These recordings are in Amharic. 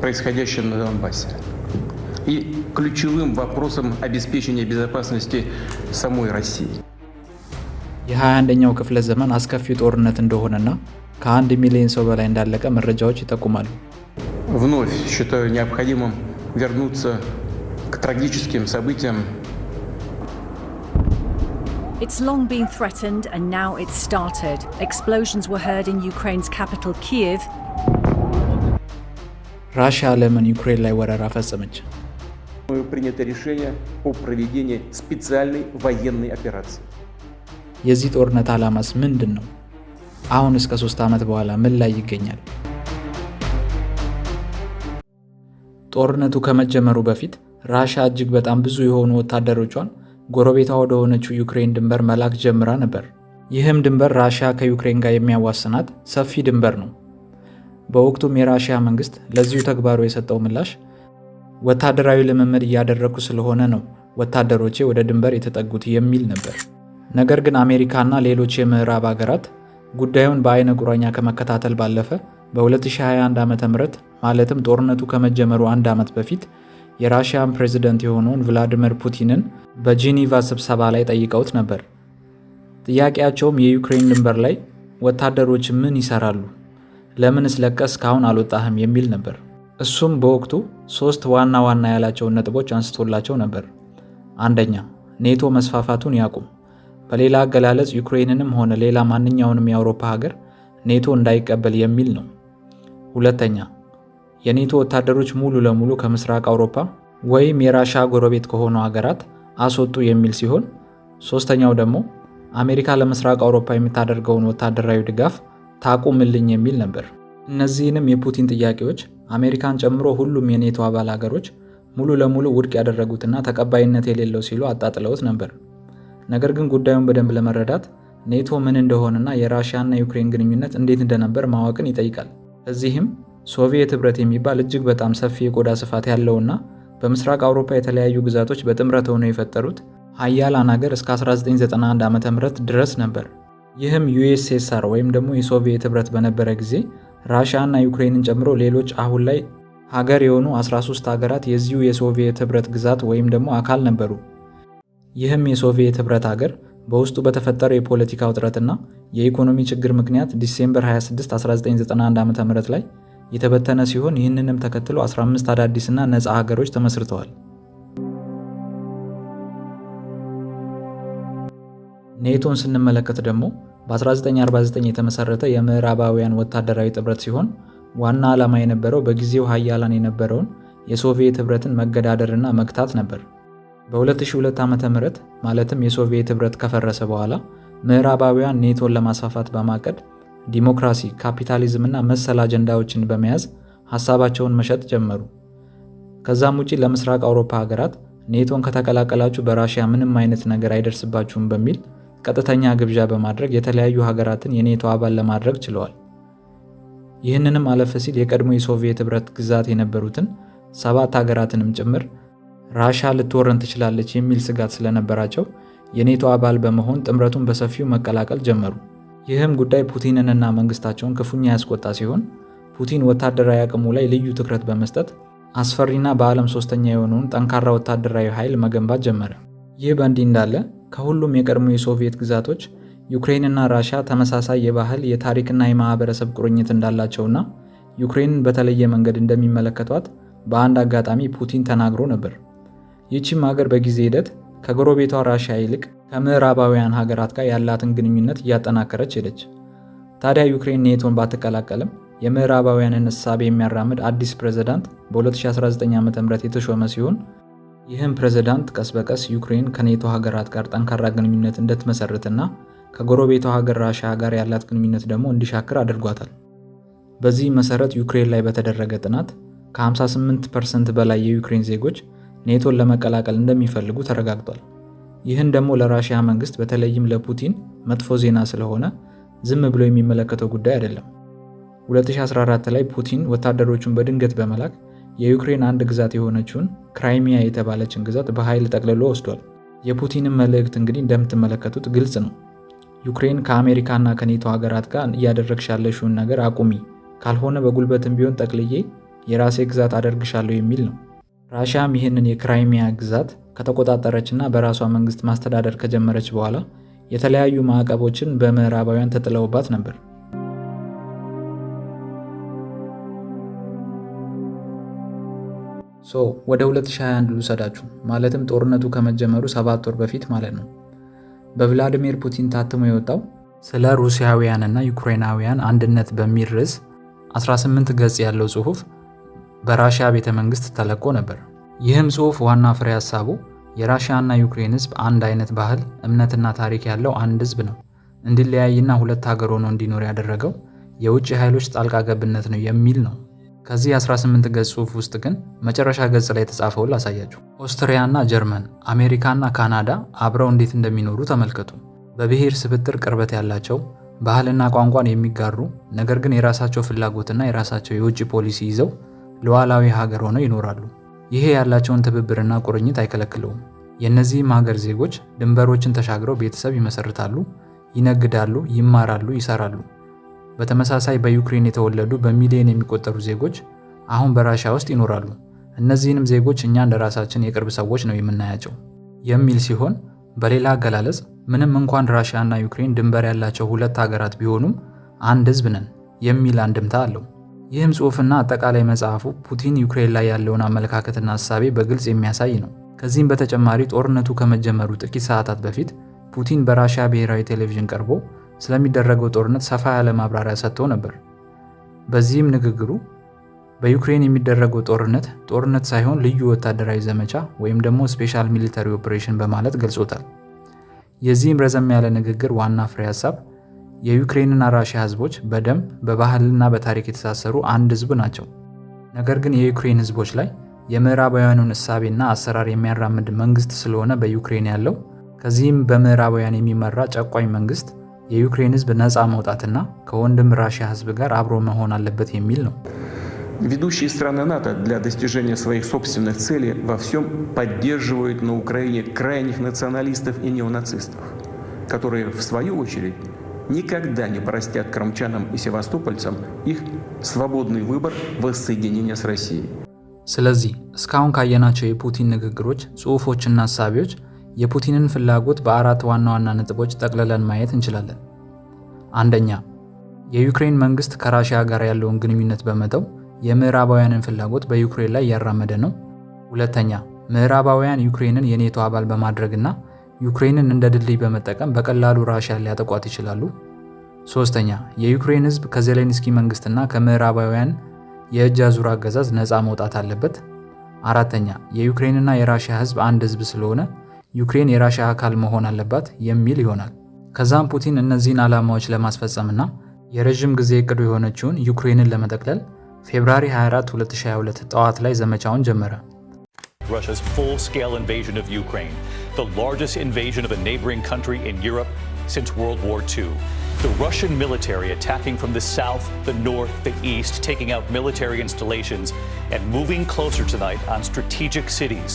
происходящим на Донбассе и ключевым вопросом обеспечения безопасности самой России. የ21ኛው ክፍለ ዘመን አስከፊ ጦርነት እንደሆነና ከአንድ ሚሊዮን ሰው በላይ እንዳለቀ መረጃዎች ይጠቁማሉ። вновь считаю необходимым вернуться к трагическим событиям It's long been threatened and now it's started. Explosions were heard in Ukraine's capital Kiev. ራሽያ ለምን ዩክሬን ላይ ወረራ ፈጸመች? የዚህ ጦርነት ዓላማስ ምንድን ነው? አሁን እስከ ሶስት ዓመት በኋላ ምን ላይ ይገኛል? ጦርነቱ ከመጀመሩ በፊት ራሽያ እጅግ በጣም ብዙ የሆኑ ወታደሮቿን ጎረቤቷ ወደሆነችው ዩክሬን ድንበር መላክ ጀምራ ነበር። ይህም ድንበር ራሽያ ከዩክሬን ጋር የሚያዋስናት ሰፊ ድንበር ነው። በወቅቱም የራሽያ መንግስት ለዚሁ ተግባሩ የሰጠው ምላሽ ወታደራዊ ልምምድ እያደረግኩ ስለሆነ ነው ወታደሮቼ ወደ ድንበር የተጠጉት የሚል ነበር። ነገር ግን አሜሪካና ሌሎች የምዕራብ ሀገራት ጉዳዩን በአይነ ቁራኛ ከመከታተል ባለፈ በ2021 ዓ ም ማለትም ጦርነቱ ከመጀመሩ አንድ ዓመት በፊት የራሽያን ፕሬዝደንት የሆነውን ቭላዲሚር ፑቲንን በጂኒቫ ስብሰባ ላይ ጠይቀውት ነበር። ጥያቄያቸውም የዩክሬን ድንበር ላይ ወታደሮች ምን ይሰራሉ ለምን ስለቀስ እስካሁን አልወጣህም የሚል ነበር። እሱም በወቅቱ ሶስት ዋና ዋና ያላቸውን ነጥቦች አንስቶላቸው ነበር። አንደኛ ኔቶ መስፋፋቱን ያቁም፣ በሌላ አገላለጽ ዩክሬንንም ሆነ ሌላ ማንኛውንም የአውሮፓ ሀገር ኔቶ እንዳይቀበል የሚል ነው። ሁለተኛ የኔቶ ወታደሮች ሙሉ ለሙሉ ከምስራቅ አውሮፓ ወይም የራሻ ጎረቤት ከሆኑ ሀገራት አስወጡ የሚል ሲሆን ሶስተኛው ደግሞ አሜሪካ ለምስራቅ አውሮፓ የምታደርገውን ወታደራዊ ድጋፍ ታቁምልኝ የሚል ነበር። እነዚህንም የፑቲን ጥያቄዎች አሜሪካን ጨምሮ ሁሉም የኔቶ አባል ሀገሮች ሙሉ ለሙሉ ውድቅ ያደረጉትና ተቀባይነት የሌለው ሲሉ አጣጥለውት ነበር። ነገር ግን ጉዳዩን በደንብ ለመረዳት ኔቶ ምን እንደሆነና የራሽያና ዩክሬን ግንኙነት እንዴት እንደነበር ማወቅን ይጠይቃል። እዚህም ሶቪየት ኅብረት የሚባል እጅግ በጣም ሰፊ የቆዳ ስፋት ያለውና በምስራቅ አውሮፓ የተለያዩ ግዛቶች በጥምረት ሆነው የፈጠሩት ሀያላን ሀገር እስከ 1991 ዓ ም ድረስ ነበር። ይህም ዩኤስኤስአር ወይም ደግሞ የሶቪየት ህብረት በነበረ ጊዜ ራሽያ እና ዩክሬንን ጨምሮ ሌሎች አሁን ላይ ሀገር የሆኑ 13 ሀገራት የዚሁ የሶቪየት ህብረት ግዛት ወይም ደግሞ አካል ነበሩ። ይህም የሶቪየት ህብረት ሀገር በውስጡ በተፈጠረው የፖለቲካ ውጥረትና የኢኮኖሚ ችግር ምክንያት ዲሴምበር 26 1991 ዓ.ም ላይ የተበተነ ሲሆን ይህንንም ተከትሎ 15 አዳዲስና ነፃ ሀገሮች ተመስርተዋል። ኔቶን ስንመለከት ደግሞ በ1949 የተመሰረተ የምዕራባውያን ወታደራዊ ጥብረት ሲሆን ዋና ዓላማ የነበረው በጊዜው ሀያላን የነበረውን የሶቪየት ኅብረትን መገዳደርና መግታት ነበር። በ2002 ዓ ም ማለትም የሶቪየት ኅብረት ከፈረሰ በኋላ ምዕራባውያን ኔቶን ለማስፋፋት በማቀድ ዲሞክራሲ፣ ካፒታሊዝምና መሰል አጀንዳዎችን በመያዝ ሐሳባቸውን መሸጥ ጀመሩ። ከዛም ውጪ ለምስራቅ አውሮፓ ሀገራት ኔቶን ከተቀላቀላችሁ በራሽያ ምንም አይነት ነገር አይደርስባችሁም በሚል ቀጥተኛ ግብዣ በማድረግ የተለያዩ ሀገራትን የኔቶ አባል ለማድረግ ችለዋል። ይህንንም አለፈ ሲል የቀድሞ የሶቪየት ህብረት ግዛት የነበሩትን ሰባት ሀገራትንም ጭምር ራሻ ልትወረን ትችላለች የሚል ስጋት ስለነበራቸው የኔቶ አባል በመሆን ጥምረቱን በሰፊው መቀላቀል ጀመሩ። ይህም ጉዳይ ፑቲንንና መንግስታቸውን ክፉኛ ያስቆጣ ሲሆን ፑቲን ወታደራዊ አቅሙ ላይ ልዩ ትኩረት በመስጠት አስፈሪና በዓለም ሶስተኛ የሆነውን ጠንካራ ወታደራዊ ኃይል መገንባት ጀመረ። ይህ በእንዲህ እንዳለ ከሁሉም የቀድሞ የሶቪየት ግዛቶች ዩክሬንና ራሻ ተመሳሳይ የባህል የታሪክና የማህበረሰብ ቁርኝት እንዳላቸውና ዩክሬንን በተለየ መንገድ እንደሚመለከቷት በአንድ አጋጣሚ ፑቲን ተናግሮ ነበር። ይህችም ሀገር በጊዜ ሂደት ከጎረቤቷ ራሻ ይልቅ ከምዕራባውያን ሀገራት ጋር ያላትን ግንኙነት እያጠናከረች ሄደች። ታዲያ ዩክሬን ኔቶን ባትቀላቀልም የምዕራባውያንን እሳቤ የሚያራምድ አዲስ ፕሬዝዳንት በ2019 ዓ ም የተሾመ ሲሆን ይህም ፕሬዝዳንት ቀስ በቀስ ዩክሬን ከኔቶ ሀገራት ጋር ጠንካራ ግንኙነት እንድትመሰርትና ከጎረቤቷ ሀገር ራሽያ ጋር ያላት ግንኙነት ደግሞ እንዲሻክር አድርጓታል። በዚህ መሰረት ዩክሬን ላይ በተደረገ ጥናት ከ58 ፐርሰንት በላይ የዩክሬን ዜጎች ኔቶን ለመቀላቀል እንደሚፈልጉ ተረጋግጧል። ይህን ደግሞ ለራሽያ መንግስት በተለይም ለፑቲን መጥፎ ዜና ስለሆነ ዝም ብሎ የሚመለከተው ጉዳይ አይደለም። 2014 ላይ ፑቲን ወታደሮቹን በድንገት በመላክ የዩክሬን አንድ ግዛት የሆነችውን ክራይሚያ የተባለችን ግዛት በኃይል ጠቅልሎ ወስዷል። የፑቲንን መልእክት እንግዲህ እንደምትመለከቱት ግልጽ ነው። ዩክሬን ከአሜሪካና ከኔቶ ሀገራት ጋር እያደረግሽ ያለሽውን ነገር አቁሚ፣ ካልሆነ በጉልበትም ቢሆን ጠቅልዬ የራሴ ግዛት አደርግሻለሁ የሚል ነው። ራሽያም ይህንን የክራይሚያ ግዛት ከተቆጣጠረችና በራሷ መንግስት ማስተዳደር ከጀመረች በኋላ የተለያዩ ማዕቀቦችን በምዕራባውያን ተጥለውባት ነበር። ወደ 2021 ልውሰዳችሁ። ማለትም ጦርነቱ ከመጀመሩ ሰባት ወር በፊት ማለት ነው። በቭላዲሚር ፑቲን ታትሞ የወጣው ስለ ሩሲያውያንና ዩክሬናውያን አንድነት በሚል ርዕስ 18 ገጽ ያለው ጽሑፍ በራሽያ ቤተ መንግስት ተለቆ ነበር። ይህም ጽሑፍ ዋና ፍሬ ሀሳቡ የራሽያና ዩክሬን ህዝብ አንድ አይነት ባህል፣ እምነትና ታሪክ ያለው አንድ ህዝብ ነው። እንዲለያይና ሁለት ሀገር ሆኖ እንዲኖር ያደረገው የውጭ ኃይሎች ጣልቃ ገብነት ነው የሚል ነው። ከዚህ የ18 ገጽ ጽሁፍ ውስጥ ግን መጨረሻ ገጽ ላይ የተጻፈውን ላሳያችሁ። ኦስትሪያና ጀርመን፣ አሜሪካና ካናዳ አብረው እንዴት እንደሚኖሩ ተመልከቱ። በብሔር ስብጥር ቅርበት ያላቸው ባህልና ቋንቋን የሚጋሩ ነገር ግን የራሳቸው ፍላጎትና የራሳቸው የውጭ ፖሊሲ ይዘው ሉዓላዊ ሀገር ሆነው ይኖራሉ። ይሄ ያላቸውን ትብብርና ቁርኝት አይከለክለውም። የእነዚህም ሀገር ዜጎች ድንበሮችን ተሻግረው ቤተሰብ ይመሰርታሉ፣ ይነግዳሉ፣ ይማራሉ፣ ይሰራሉ። በተመሳሳይ በዩክሬን የተወለዱ በሚሊዮን የሚቆጠሩ ዜጎች አሁን በራሻ ውስጥ ይኖራሉ። እነዚህንም ዜጎች እኛ እንደ ራሳችን የቅርብ ሰዎች ነው የምናያቸው የሚል ሲሆን በሌላ አገላለጽ ምንም እንኳን ራሽያ እና ዩክሬን ድንበር ያላቸው ሁለት ሀገራት ቢሆኑም አንድ ህዝብ ነን የሚል አንድምታ አለው። ይህም ጽሑፍና አጠቃላይ መጽሐፉ ፑቲን ዩክሬን ላይ ያለውን አመለካከትና ሀሳቤ በግልጽ የሚያሳይ ነው። ከዚህም በተጨማሪ ጦርነቱ ከመጀመሩ ጥቂት ሰዓታት በፊት ፑቲን በራሽያ ብሔራዊ ቴሌቪዥን ቀርቦ ስለሚደረገው ጦርነት ሰፋ ያለ ማብራሪያ ሰጥተው ነበር። በዚህም ንግግሩ በዩክሬን የሚደረገው ጦርነት ጦርነት ሳይሆን ልዩ ወታደራዊ ዘመቻ ወይም ደግሞ ስፔሻል ሚሊተሪ ኦፕሬሽን በማለት ገልጾታል። የዚህም ረዘም ያለ ንግግር ዋና ፍሬ ሀሳብ የዩክሬንና ራሽያ ህዝቦች በደም በባህልና በታሪክ የተሳሰሩ አንድ ህዝብ ናቸው። ነገር ግን የዩክሬን ህዝቦች ላይ የምዕራባውያኑን እሳቤና አሰራር የሚያራምድ መንግስት ስለሆነ በዩክሬን ያለው ከዚህም በምዕራባውያን የሚመራ ጨቋኝ መንግስት የዩክሬን ሕዝብ ነፃ መውጣትና ከወንድም ራሽያ ሕዝብ ጋር አብሮ መሆን አለበት የሚል ነው። Ведущие страны НАТО для достижения своих собственных целей во всем поддерживают на Украине крайних националистов и неонацистов, которые, в свою очередь, никогда не простят крымчанам и севастопольцам их свободный выбор воссоединения с Россией. ስለዚህ እስካሁን ካየናቸው የፑቲን ንግግሮች፣ ጽሑፎችና አሳቢዎች የፑቲንን ፍላጎት በአራት ዋና ዋና ነጥቦች ጠቅልለን ማየት እንችላለን። አንደኛ፣ የዩክሬን መንግስት ከራሽያ ጋር ያለውን ግንኙነት በመተው የምዕራባውያንን ፍላጎት በዩክሬን ላይ እያራመደ ነው። ሁለተኛ፣ ምዕራባውያን ዩክሬንን የኔቶ አባል በማድረግና ዩክሬንን እንደ ድልድይ በመጠቀም በቀላሉ ራሽያ ሊያጠቋት ይችላሉ። ሶስተኛ፣ የዩክሬን ህዝብ ከዜሌንስኪ መንግስትና ከምዕራባውያን የእጅ አዙር አገዛዝ ነፃ መውጣት አለበት። አራተኛ፣ የዩክሬንና የራሽያ ህዝብ አንድ ህዝብ ስለሆነ ዩክሬን የራሽያ አካል መሆን አለባት የሚል ይሆናል። ከዛም ፑቲን እነዚህን ዓላማዎች ለማስፈጸምና የረዥም ጊዜ እቅዱ የሆነችውን ዩክሬንን ለመጠቅለል ፌብራሪ 24 2022 ጠዋት ላይ ዘመቻውን ጀመረ። Russia's full-scale invasion of Ukraine, the largest invasion of a neighboring country in Europe since World War II. The Russian military attacking from the south, the north, the east, taking out military installations and moving closer tonight on strategic cities.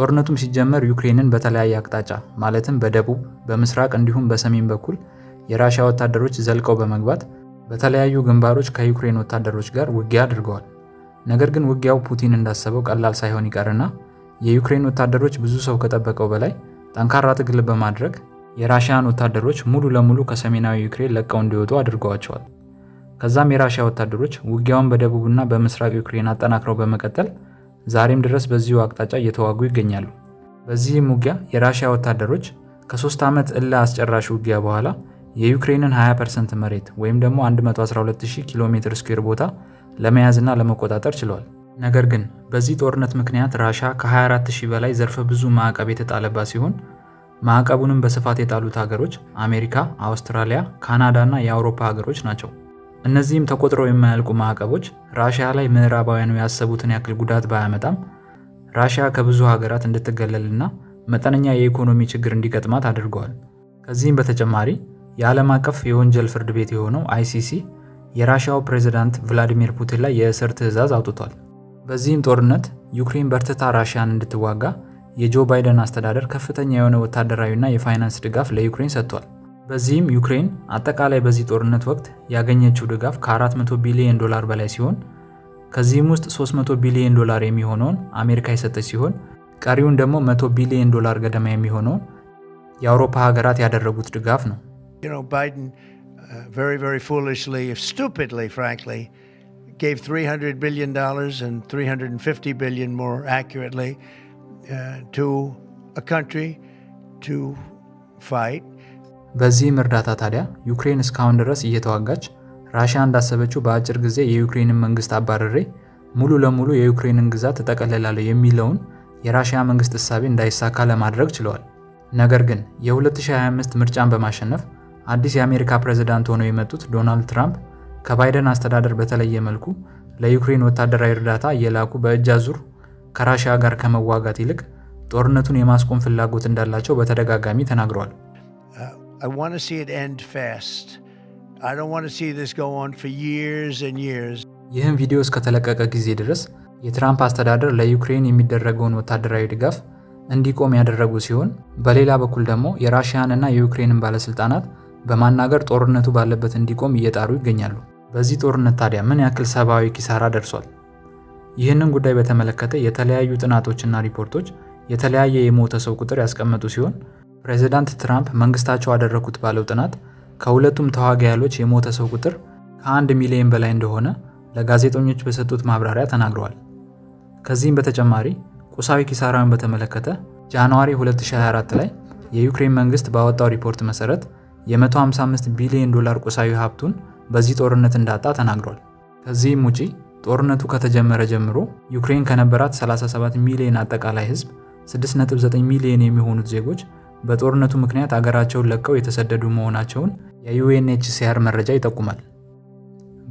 ጦርነቱም ሲጀመር ዩክሬንን በተለያየ አቅጣጫ ማለትም በደቡብ፣ በምስራቅ እንዲሁም በሰሜን በኩል የራሽያ ወታደሮች ዘልቀው በመግባት በተለያዩ ግንባሮች ከዩክሬን ወታደሮች ጋር ውጊያ አድርገዋል። ነገር ግን ውጊያው ፑቲን እንዳሰበው ቀላል ሳይሆን ይቀርና የዩክሬን ወታደሮች ብዙ ሰው ከጠበቀው በላይ ጠንካራ ትግል በማድረግ የራሽያን ወታደሮች ሙሉ ለሙሉ ከሰሜናዊ ዩክሬን ለቀው እንዲወጡ አድርገዋቸዋል። ከዛም የራሽያ ወታደሮች ውጊያውን በደቡብና በምስራቅ ዩክሬን አጠናክረው በመቀጠል ዛሬም ድረስ በዚሁ አቅጣጫ እየተዋጉ ይገኛሉ። በዚህም ውጊያ የራሽያ ወታደሮች ከሶስት ዓመት እልህ አስጨራሽ ውጊያ በኋላ የዩክሬንን 20% መሬት ወይም ደግሞ 112000 ኪሎ ሜትር ስኩዌር ቦታ ለመያዝና ለመቆጣጠር ችለዋል። ነገር ግን በዚህ ጦርነት ምክንያት ራሻ ከ24000 በላይ ዘርፈ ብዙ ማዕቀብ የተጣለባት ሲሆን ማዕቀቡንም በስፋት የጣሉት ሀገሮች አሜሪካ፣ አውስትራሊያ፣ ካናዳ እና የአውሮፓ ሀገሮች ናቸው። እነዚህም ተቆጥረው የማያልቁ ማዕቀቦች ራሽያ ላይ ምዕራባውያኑ ያሰቡትን ያክል ጉዳት ባያመጣም ራሽያ ከብዙ ሀገራት እንድትገለልና መጠነኛ የኢኮኖሚ ችግር እንዲገጥማት አድርገዋል። ከዚህም በተጨማሪ የዓለም አቀፍ የወንጀል ፍርድ ቤት የሆነው አይሲሲ የራሽያው ፕሬዝዳንት ቭላዲሚር ፑቲን ላይ የእስር ትዕዛዝ አውጥቷል። በዚህም ጦርነት ዩክሬን በርትታ ራሽያን እንድትዋጋ የጆ ባይደን አስተዳደር ከፍተኛ የሆነ ወታደራዊና የፋይናንስ ድጋፍ ለዩክሬን ሰጥቷል። በዚህም ዩክሬን አጠቃላይ በዚህ ጦርነት ወቅት ያገኘችው ድጋፍ ከ400 ቢሊዮን ዶላር በላይ ሲሆን ከዚህም ውስጥ 300 ቢሊዮን ዶላር የሚሆነውን አሜሪካ የሰጠች ሲሆን ቀሪውን ደግሞ 100 ቢሊዮን ዶላር ገደማ የሚሆነውን የአውሮፓ ሀገራት ያደረጉት ድጋፍ ነው። ባይደን በዚህም እርዳታ ታዲያ ዩክሬን እስካሁን ድረስ እየተዋጋች ራሽያ እንዳሰበችው በአጭር ጊዜ የዩክሬንን መንግስት አባረሬ ሙሉ ለሙሉ የዩክሬንን ግዛት እጠቀልላለሁ የሚለውን የራሽያ መንግስት እሳቤ እንዳይሳካ ለማድረግ ችለዋል። ነገር ግን የ2025 ምርጫን በማሸነፍ አዲስ የአሜሪካ ፕሬዝዳንት ሆነው የመጡት ዶናልድ ትራምፕ ከባይደን አስተዳደር በተለየ መልኩ ለዩክሬን ወታደራዊ እርዳታ እየላኩ በእጅ አዙር ከራሽያ ጋር ከመዋጋት ይልቅ ጦርነቱን የማስቆም ፍላጎት እንዳላቸው በተደጋጋሚ ተናግረዋል። I want to see it end fast. I don't want to see this go on for years and years. ይህም ቪዲዮ እስከተለቀቀ ጊዜ ድረስ የትራምፕ አስተዳደር ለዩክሬን የሚደረገውን ወታደራዊ ድጋፍ እንዲቆም ያደረጉ ሲሆን በሌላ በኩል ደግሞ እና የዩክሬንን ባለስልጣናት በማናገር ጦርነቱ ባለበት እንዲቆም እየጣሩ ይገኛሉ። በዚህ ጦርነት ታዲያ ምን ያክል ሰብአዊ ኪሳራ ደርሷል? ይህንን ጉዳይ በተመለከተ የተለያዩ ጥናቶችና ሪፖርቶች የተለያየ የሞተ ሰው ቁጥር ያስቀመጡ ሲሆን ፕሬዚዳንት ትራምፕ መንግስታቸው አደረኩት ባለው ጥናት ከሁለቱም ተዋጊ ኃይሎች የሞተ ሰው ቁጥር ከአንድ ሚሊዮን በላይ እንደሆነ ለጋዜጠኞች በሰጡት ማብራሪያ ተናግረዋል። ከዚህም በተጨማሪ ቁሳዊ ኪሳራውን በተመለከተ ጃንዋሪ 2024 ላይ የዩክሬን መንግስት ባወጣው ሪፖርት መሰረት የ155 ቢሊዮን ዶላር ቁሳዊ ሀብቱን በዚህ ጦርነት እንዳጣ ተናግሯል። ከዚህም ውጪ ጦርነቱ ከተጀመረ ጀምሮ ዩክሬን ከነበራት 37 ሚሊዮን አጠቃላይ ህዝብ 6.9 ሚሊዮን የሚሆኑት ዜጎች በጦርነቱ ምክንያት አገራቸውን ለቀው የተሰደዱ መሆናቸውን የዩኤንኤችሲአር መረጃ ይጠቁማል።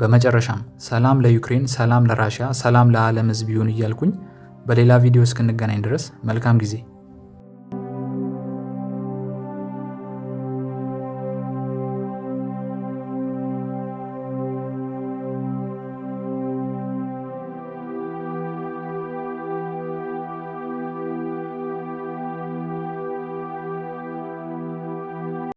በመጨረሻም ሰላም ለዩክሬን፣ ሰላም ለራሽያ፣ ሰላም ለዓለም ሕዝብ ይሁን እያልኩኝ በሌላ ቪዲዮ እስክንገናኝ ድረስ መልካም ጊዜ